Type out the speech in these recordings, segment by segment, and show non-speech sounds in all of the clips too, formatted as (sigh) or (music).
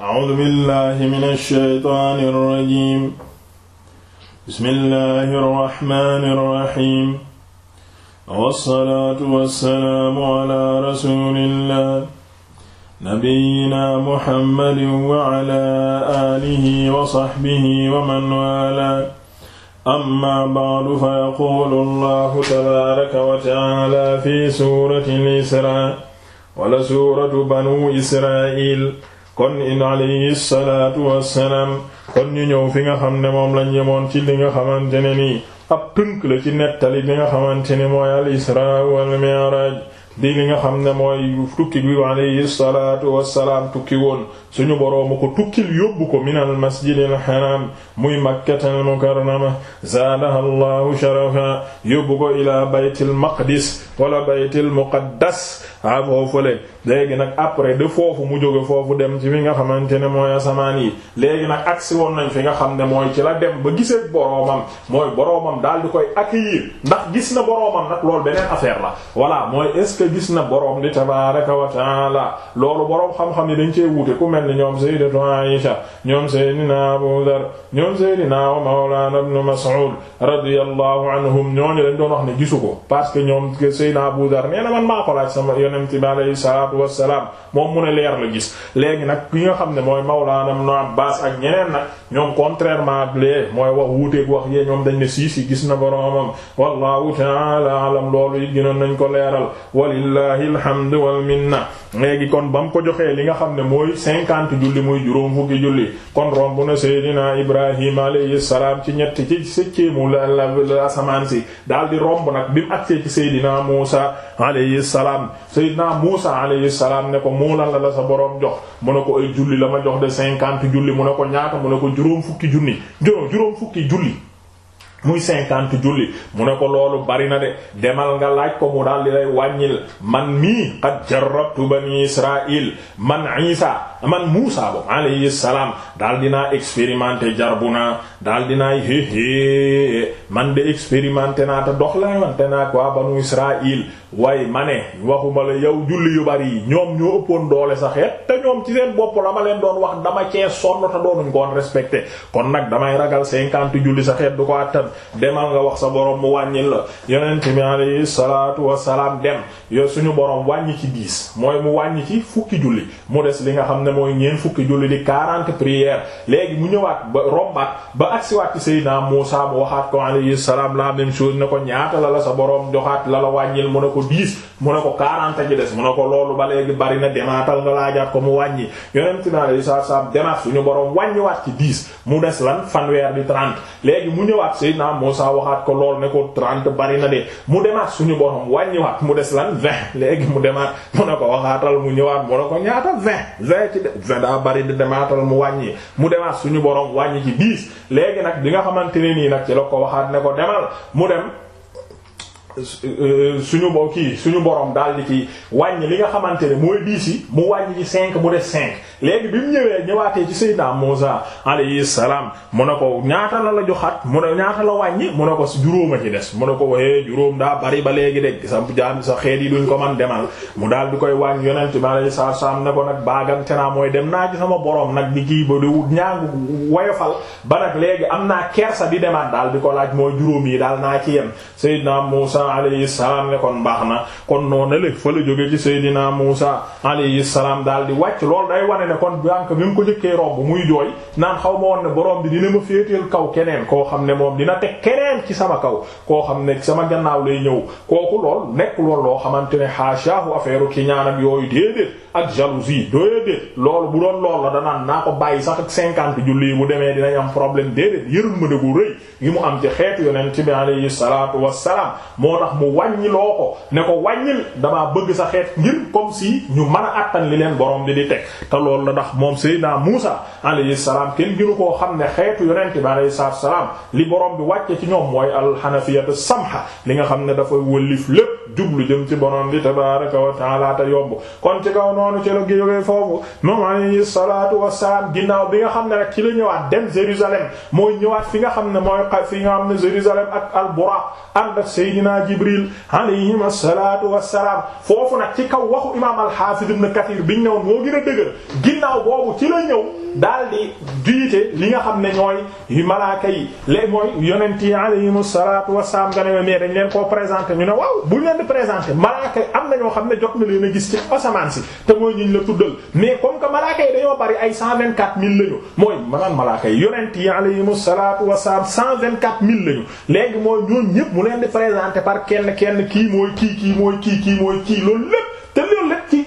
A'uuzu billaahi mina shaytaani rajiim. Bismillaahi rahmaani rahiim. Wassalaatu wassalaamu alaa rasuulillaah. Nabiyyinaa Muhammadin wa alaa aalihi wa sahbihi wa man waalaa. Ammaa ba'du fa yaquulu Allaahu tabaaraka wa ta'aalaa fi suuratil Israa, wala suuratu banuu Israa'iil. kon in alayhi salaatu wassalaam kon ñu ñëw fi nga xam ne moom lañ yemoon ci li nga xamante ne nii ab tënk la ci nettali bi nga xamante ne mooy al isra wal mi'raj lii li nga xam ne mooy tukki bi alayhi salaatu wassalaam tukki woon suñu boroomu ko tukkil yóbbu ko min al masjidil haram muy makkatal mukarrama zaadaha llahu sharafa yóbbu ko ila baytil maqdis wala baytil muqaddas a foofule léegi nag après de foofu mu jóge foofu dem ci fi nga xamante ne mooy asamaan yi léegi nag agsi woon nañ fi nga xam ne mooy ci la dem ba gisee boroomam mooy boroomam daal di koy accueillir gis na boroomam nag loolu beneen affaire la voilà mooy est-ce que gis na boroom di tabaraka wa taala loolu boroom xam-xam yi dañ cee wuute ku mel ni ñoom sayyidatu Aisha ñoom sayyidina Abu Dar ñoom sayyidina wa mawlana ibn Mas'ud radiyallahu anhum ñooñu dañ doon wax ne gisu ko parce que ñoom sayyidina Abu Dar nee na man maa ko laaj sama yonent bi alayhi salaatu wassalaam moom mu ne leer la gis léegi nag ki nga xam ne mooy mawlana ibn Abbas ak ñeneen nag mooy wax wuuteeg wax ñoom dañ ne gis na boroomam wallahu taala alam loolu it gënoon nañ ko leeral walillahi alhamdu wal minna léegi kon ba mu ko joxee li nga xam ne mooy cinquante julli muy juróom fukki julli kon romb na seydina ibrahim alayhi salaam ci ñett ci sëcceemu la la asamaan si daal di romb nag bi mu agsee ci seydina muusa alayhi salaam seydina muusa alayhi salaam ne ko muulan la la sa boroom jox mu ne ko ay julli la ma jox de cinquante julli mu ne ko ñaata mu ne ko juróom fukki junni juróom fukki julli muy cinquante julli mu ne ko loolu bari na de demal nga laaj ko mu daal di lay wàññil man mii qad jarrabtu bani israil man isa man muusa ba alayhi salaam daal dinaa expérimenté jarbu naa daal dinaay héehée man de expérimenté naa te dox lawante naa waa banu israil waaye ma ne waxuma la yow julli yu bari yi ñoom ñoo ëppoon doole sa xeet te ñoom ci seen bopp la ma leen doon wax dama cee sonn te doonuñ koon respecté kon nag damay ragal cinquante julli sa xeet du ko attan demal nga wax sa borom mu wàññil la yonent bi alayhi salaatu wassalaam dem yo suñu borom wàññi ci dix mooy mu wàññi ci fukki julli mu des li nga xam ne mooy ñeen fukki julli di quarante prières léegi mu ñëwaat ba rombaat ba agsiwaat ci Seydina Muusaa waxaat ko alayhi salaam la même chose ne ko ñaata la sa borom joxaat la la ko dix mu ne ko quarante ci des mu ne ko loolu ba léegi bari na demaatal nga laajaat ko mu wàññi yonent bi alayhi salaatu salaam demaat mu des lan fanweer di trente léegi mu ñëwaat Seydina ko lool ne ko trente bari na de mu demaat suñu borom wàññiwaat mu des lan vingt léegi mu demaat mu ne ko waxaatal mu ñëwaat mu ne ko ñaata vingt vingt ci de vingt daa bari mu wàññi mu demaat suñu borom wàññi ci dix léegi nag bi nga xamante ne nii nag ci la ko waxaat ne ko demal mu dem suñu bo kii suñu borom daal di ci wàññi li nga xamante ne mooy diis yi mu wàññi ci cinq mu def cinq léegi bi mu ñëwee ñëwaatee ci Seydina Muusa alayhi salaam mu ne ko ñaata la la joxaat mu ne la wàññi mu ne ko juróom a ci des mu ne ko waxee juróom daa bari ba léegi de sa jaam sa xeet yi duñ man demal mu di koy wàññi yonent bi alayhi salaam ne ko nag baagante naa mooy dem naa ci sama boroom nag di kii ba di ñaangu woyofal ba nag léegi am naa kersa di demaat daal di ko laaj mooy juróom yi daal naa ci yem Seydina Muusa Musa alayhi salaam ne kon baax na kon noonu la fa la jóge ci Seydina Musa alayhi daal di wàcc loolu day wane ne kon banque bi mu ko njëkkee romb muy jooy naan xaw ma woon ne boroom bi dina ma féeteel kaw keneen koo xam ne moom dina teg keneen ci sama kaw koo xam ne sama gannaaw lay ñëw kooku lool nekk lool loo xamante ne xaasaahu affaire ki ñaanam yooyu déedéet ak jalousie déedéet loolu bu doon lool la danaan naa ko bàyyi sax ak cinquante julli bu demee dinañ am problème déedéet yërmande gu rëy am ci xeetu moo tax mu wàññi loo ko ne ko wàññil damaa bëgg sa xeet ngir comme si ñu mën a attan li leen borom bi di teg te loolu la ndax moom Seydina Muusa alayhi salaam kenn gënu koo xam ne xeetu yonent bi alayhi salaam li borom bi wàcce ci ñoom mooy alxanafiyatu samha li nga xam ne dafa wëllif lépp jublu jëm ci borom bi tabaaraka wa ta'aala te yomb kon ci kaw noonu ci la jógee foofu moom alayhi salaatu wa ginnaaw bi nga xam ne rek ci la ñëwaat dem Jérusalem mooy ñëwaat fi nga xam ne fi nga xam ne Jérusalem ak al-Buraq ànd Seydina Jibril alayhim assalaatu wassalaam foofu nag ci kaw waxu imaam al-Hafiz ibn biñ newoon moo gën dëgër ginnaaw boobu ci la ñëw daal di diite li nga xam ne ñooy yu malaaka yi léegi mooy yonent yi alayhim salaatu wassalaam nga ne mais dañ leen koo présenté ñu ne waaw bu ñu leen di présenté malaaka yi am na ñoo xam ne jot na leen a gis ci asamaan si te mooy ñu la tuddal mais comme que malaaka yi dañoo bari ay cent vingt quatre mille lañu mooy maanaam malaaka par kenn kenn kii mooy kii kii mooy kii kii mooy kii loolu lépp te loolu lépp ci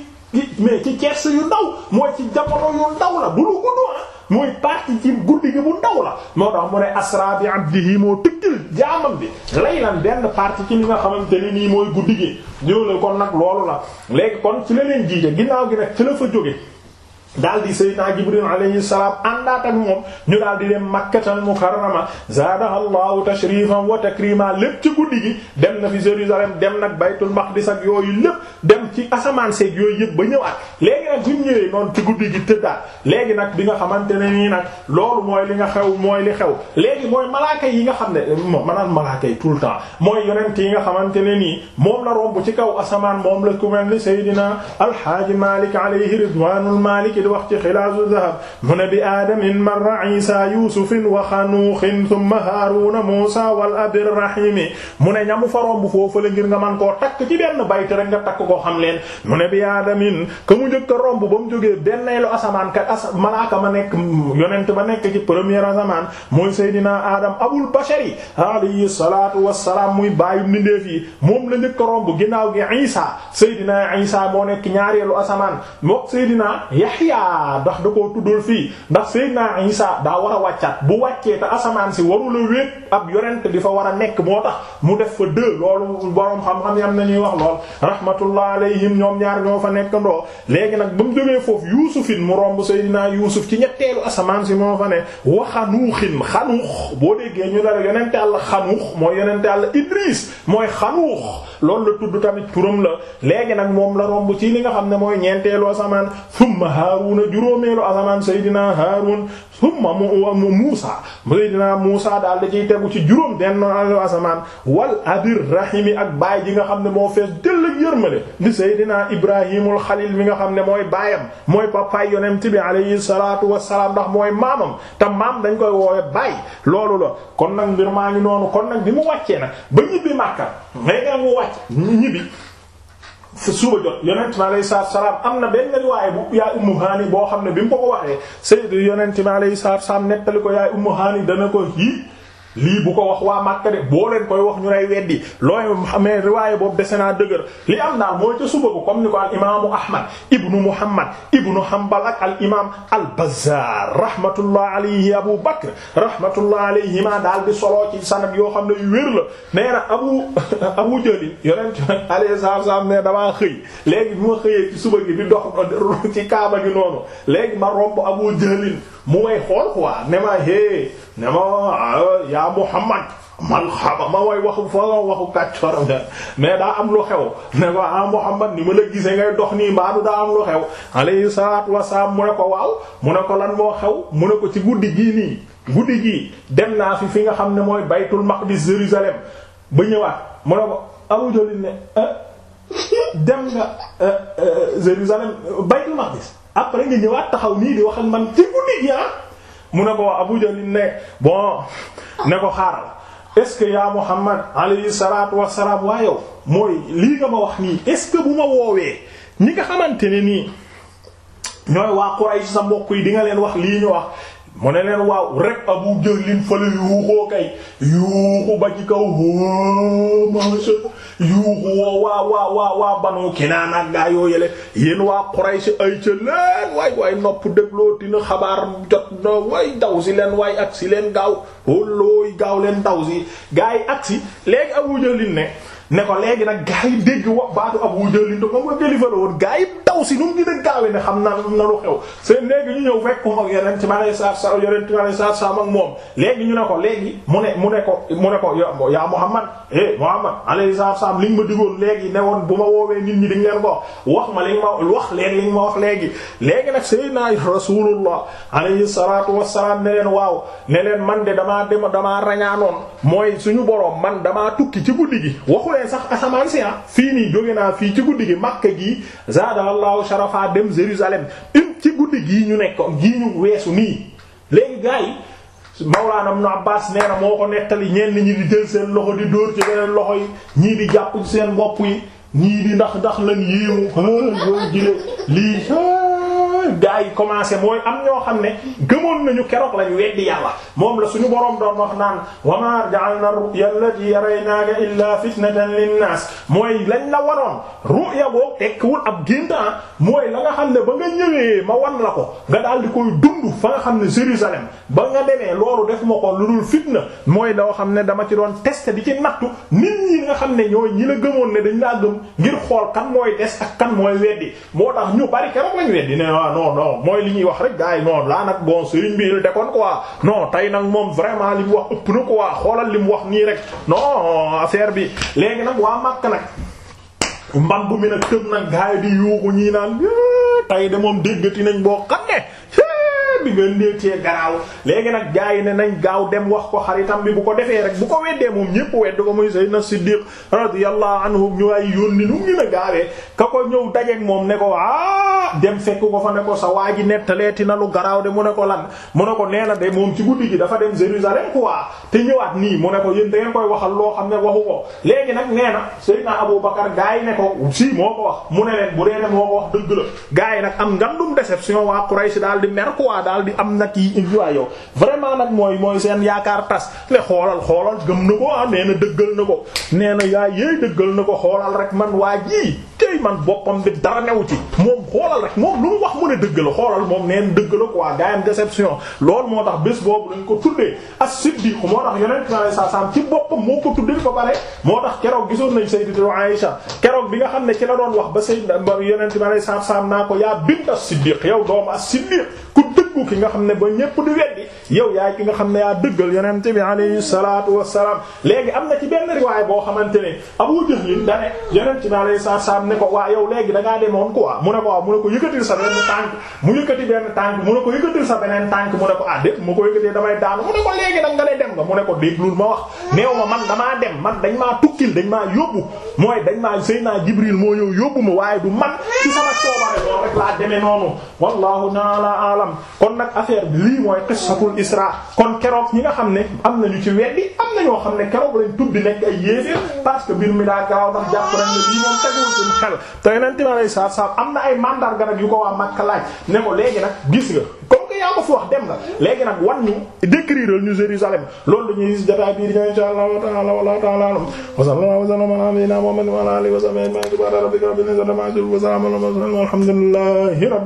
mais ci kersa yu ndaw moo ci jamono yu ndaw la bu lu gudd ah, mooy partie ci guddi gi bu ndaw la moo tax mu ne asra bi abdihi moo tëggal jaamam bi laylan benn partie ci li nga xamante ni nii mooy guddi gi ñëw la kon nag loolu la léegi kon ci la leen jiite ginnaaw gi nag ci la fa jóge daal di sayyidina Jibril alayhi salaam àndaat ak moom ñu daal di dem Makkatal Mukarrama zaadaha Allahu tashrifan wa takrima lépp ci guddi gi dem na fi Jérusalem dem nag Baytul Maqdis ak yooyu lépp dem ci asamaan seeg yooyu yëpp ba ñëwaat léegi nag bu ñu ñëwee noonu ci guddi gi tëddaat léegi nag bi nga xamante ne nii nag loolu mooy li nga xew mooy li xew léegi mooy malaaka yi nga xam ne maanaam malaaka yi tout le temps mooy yonent yi nga xamante ne nii moom la romb ci kaw asamaan moom la ku mel ni sayyidina Alhaaji Malik di wax ci xilaasu zahab mu ne bi aadamin marra isa yusufin wa xanuuxin thumma haaruna muusa wal abir rahimi mu ne ñamu faroom bu foofu la ngir nga man koo takk ci benn bayt rek nga takk koo xam leen mu ne bi aadamin ka mu njëkk a romb ba mu jógee benneelu asamaan ka as malaaka ma nekk yonent ba nekk ci première asamaan mooy seydina aadam abul bashari alayhi salaatu wassalaam muy bàyyu mbindeef yi moom la njëkk a romb ginnaaw gi isa seydina isa moo nekk ñaareelu asamaan mook seydina yahya yaa ndax da koo tuddul fii ndax Seydina Isa daa war a wàccaat bu wàccee te asamaan si warula wéet ab yorente bi fa war a nekk moo tax mu def fa deux loolu borom xam-xam yam ñuy wax lool rahmatullah alayhim ñoom ñaar ñoo fa nekk ndoo léegi nag ba mu jógee foofu yuusufin mu romb Seydina Yuusuf ci ñetteelu asamaan si moo fa ne wa xanuuxin xanuux boo déggee ñu dara yonente Yàlla xanuux mooy yonente Yàlla Idris mooy xanuux loolu la tudd tamit turam la léegi nag moom la romb ci li nga xam ne mooy ñeenteelu daawuda juróomeelu asamaan seydinaa haarun summa mu muusa seydinaa muusa daal da ciy tegu ci juróom denn asamaan wal abir rahimi ak baay ji nga xam ne moo fees dëll ak yërmale di seydinaa ibrahimul xalil mi nga xam ne mooy baayam mooy papaay yonent bi alayhi salaatu wassalaam ndax mooy maamam te maam dañ koy woowe baay loolu la kon nag mbir maa ngi noonu kon nag bi mu wàccee na ba ñibbi màkka mais nga mu wàcc ñibbi sa suba jot yonent mi alayhi salaatu salaam am na benn riwaaya bu yaay Ummu Haani boo xam ne bi mu ko ko waxee Sayyid yonent mi alayhi salaatu salaam nettali ko yaay Ummu Haani dana ko yi lii bu ko wax waa Makka de boo leen koy wax ñu lay weddi looy xamee boobu dese naa dëgër li am daal mooy ca suba ko comme ni ko al imaamu Ahmad ibnu Muhammad ibnu Hanbal ak al imaam al Bazzaar rahmatullah alayhi Abu Bakr rahmatullah alayhima daal di soloo ci yoo xam ne yu wér la nee na Abu (laughs) Abu Jahl yonent alayhi salaam ne damaa xëy léegi bi ma xëyee ci suba gi di dox (laughs) ci kaaba gi noonu léegi ma romb Abu Jahl mu may xool quoi ne ma hee ne ma ah, yaa Muhammad malxaba ma way waxu façon waxu kàccoram ne mais daa am lu xew ne ko ah Muhammad ni ma la gisee ngay dox nii mbaadu daa am lu xew alayhi salaatu wasalaam mu ne ko waaw mu ne ko lan moo xew mu ne ko ci guddi gii nii guddi gii dem naa fi fi nga xam ne mooy baytul maqdis Jérusalem ba ñëwaat mu ne ko Abu Jahl ne ah, dem nga eh, eh, Jérusalem baytul maqdis après nga ñëwaat taxaw nii di wax man ci guddi gi ah mu ne ko Abu Jahl ne bon ne ko xaaral est-ce que yaa Muhammad alayhi salaatu wassalaam waa yow mooy lii nga ma wax nii est-ce que bu ma woowee ñi nga xamante ne nii ñooy waa Quraysh sa mbokk yi di nga leen wax lii ñu wax mu ne leen waaw rek abu jëlin fële yuuxoo kay yuuxu ba ci kaw maasa yuuxu woo waa waa waa waa banu kinaana ak gaa yoo yele yéen waa Quraysh ay ca leen waay waay nopp dégloo dina xabaar jot waay daw si leen waay agsi leen gaaw wallooy gaaw leen daw si gaa yi agsi léegi abu jëlin ne ne ko nag gaa dégg wa baatu Abu Jahl te moom nga kilifa la woon gaa yi daw si nu mu gën a ne xam na lu xew seen léegi ñu ñëw fekk moom yeneen ci ma moom léegi ñu ne ko léegi mu ne mu ne ko mu ne ko yaa Muhammad eh Muhammad alayhi salaam li nga ma digoon léegi ne woon bu ma woowee nit ñi di ngeen ko wax ma li nga ma wax léegi li nga ma wax léegi léegi nag Seydina Rasulullah alayhi salaatu wassalaam ne leen waaw ne leen man de damaa dem damaa rañaanoon mooy suñu borom man damaa tukki ci guddi gi jege sax asamaan si ah. fii nii jóge naa fii ci guddi gi Makka gii zaadallahu sharafa dem Jérusalem une ci guddi gii ñu nekk gii ñu weesu nii léegi gars yi Mawlaana Ibn Abbaas nee moo ko nettali ñeen ñi di jël seen loxo di dóor ci beneen loxo yi ñii di jàpp ci seen bopp yi ñii di ndax ndax lan yéemu ah loolu jëlee lii. nag gaa yi commencé mooy am ñoo xam ne gëmoon nañu keroog lañu weddi yàlla moom la suñu boroom doon wax naan wa ma ja'alna na allati araynaaka illa fitnatan linnaas mooy lañ la waroon ru'ya boo tekkiwul ab géntaan ah, mooy la nga xam ne ba nga ñëwee ma wan la ko nga daal di koy dund fa nga xam ne Jérusalem ba nga demee loolu ma ko lu fitna mooy loo xam ne dama ci doon tester di ci nattu nit ñi nga xam ne ñooy ñi la gëmoon ne dañ laa gëm ngir xool kan mooy des ak kan mooy weddi moo tax ñu bari keroog lañ weddi ne waaw ah, non non mooy li ñuy wax rek gars yi non laa nag bon sëriñ bi il dekoon quoi non tey nag moom vraiment li mu wax ëpp na quoi xoolal li mu wax nii rek non affaire bi léegi nag waa Makka nag. mbagg mi nag tëb nag gars yi di yuuxu ñii naan tey de moom déggati nañ boo xam ne bi nga ndéetee garaaw léegi nag gars yi ne nañ gaaw dem wax ko xaritam bi bu ko defee rek bu ko weddee moom ñépp wedd ko muy sayyidna Siddiq radiyallahu anhu ñu ay yónni nu ngi na gaawee ko ko ah, ah dem fekk ko fa ne sa waa ji nettaleeti na lu garaaw de mu ne ko lan mu ne ko nee gi dafa dem Jérusalem quoi te ñëwaat da ngeen koy waxal loo xam ne waxu ko léegi nag na Seydina Abu Bakar gaa yi ne ko moo ko wax mu ne leen bu dee gaa yi nag am ngandum déception waa Quraysh daal di mer daal di am nag yi waay yow vraiment mooy mooy seen yaakaar tas le xoolal xoolal gëm na ko ah nee na dëggal na ko nee na yaay yéey dëggal na ko xoolal rek man waa ji tey man boppam bi dara new ci moom xoolal rek moom lu mu wax mu moom neen dëgg la quoi gaa yam déception moo tax bés boobu dañ ko tuddee as-siddiq moo tax yonent bi alayhi salaam ci boppam moo ko tuddee ba pare moo tax keroog gisoon nañ sayyidatu Aïsha keroog bi nga xam ne ci la doon wax ba sayyid yonent bi alayhi salaam naa ko yaa bint as-siddiq yow doomu as-siddiq dëggu ki nga xam ne ba ñépp di weddi yow yaay ki nga xam ne yaa dëggal yonent bi alayhi salaatu wassalaam léegi am na ci benn riwaay boo xamante ne Abu Jahl dane yonent bi alayhi salaatu wassalaam ne ko waa yow léegi da ngaa demoon quoi mu ne ko waaw mu sa benn tànk mu yëkkati benn ne ko yëkkatil sa beneen tànk mu ne ko ah déet mu ko yëkkatee damay daanu ne ko léegi da nga lay dem nga mu ne ko déglul ma wax neew ma man damaa dem man dañ maa tukkil dañ maa yóbbu mooy dañ maa Seydina Jibril moo ma waaye du man ci sama coobare loolu rek laa demee kon nag affaire bi lii mooy qissatul isra kon keroog ñi nga xam ne am nañu ci weddi am na ñoo xam ne keroog lañ tuddi nekk ay yéeféer parce que mbir mi daa gaaw ndax jàpp nañ ne lii moom tegul suñ xel te yeneen time am na ay mandarga nag yu ko waa Makka laaj ne ko léegi nag gis nga comme que yaa ko fi wax dem nga léegi nag wan ñu décrire ñu Jérusalem loolu dañuy gis jotaay bii di ñëw insha Allah wa ta'ala wa ta'ala wa sallallahu wa sallama ala nabiyyina Muhammad wa ala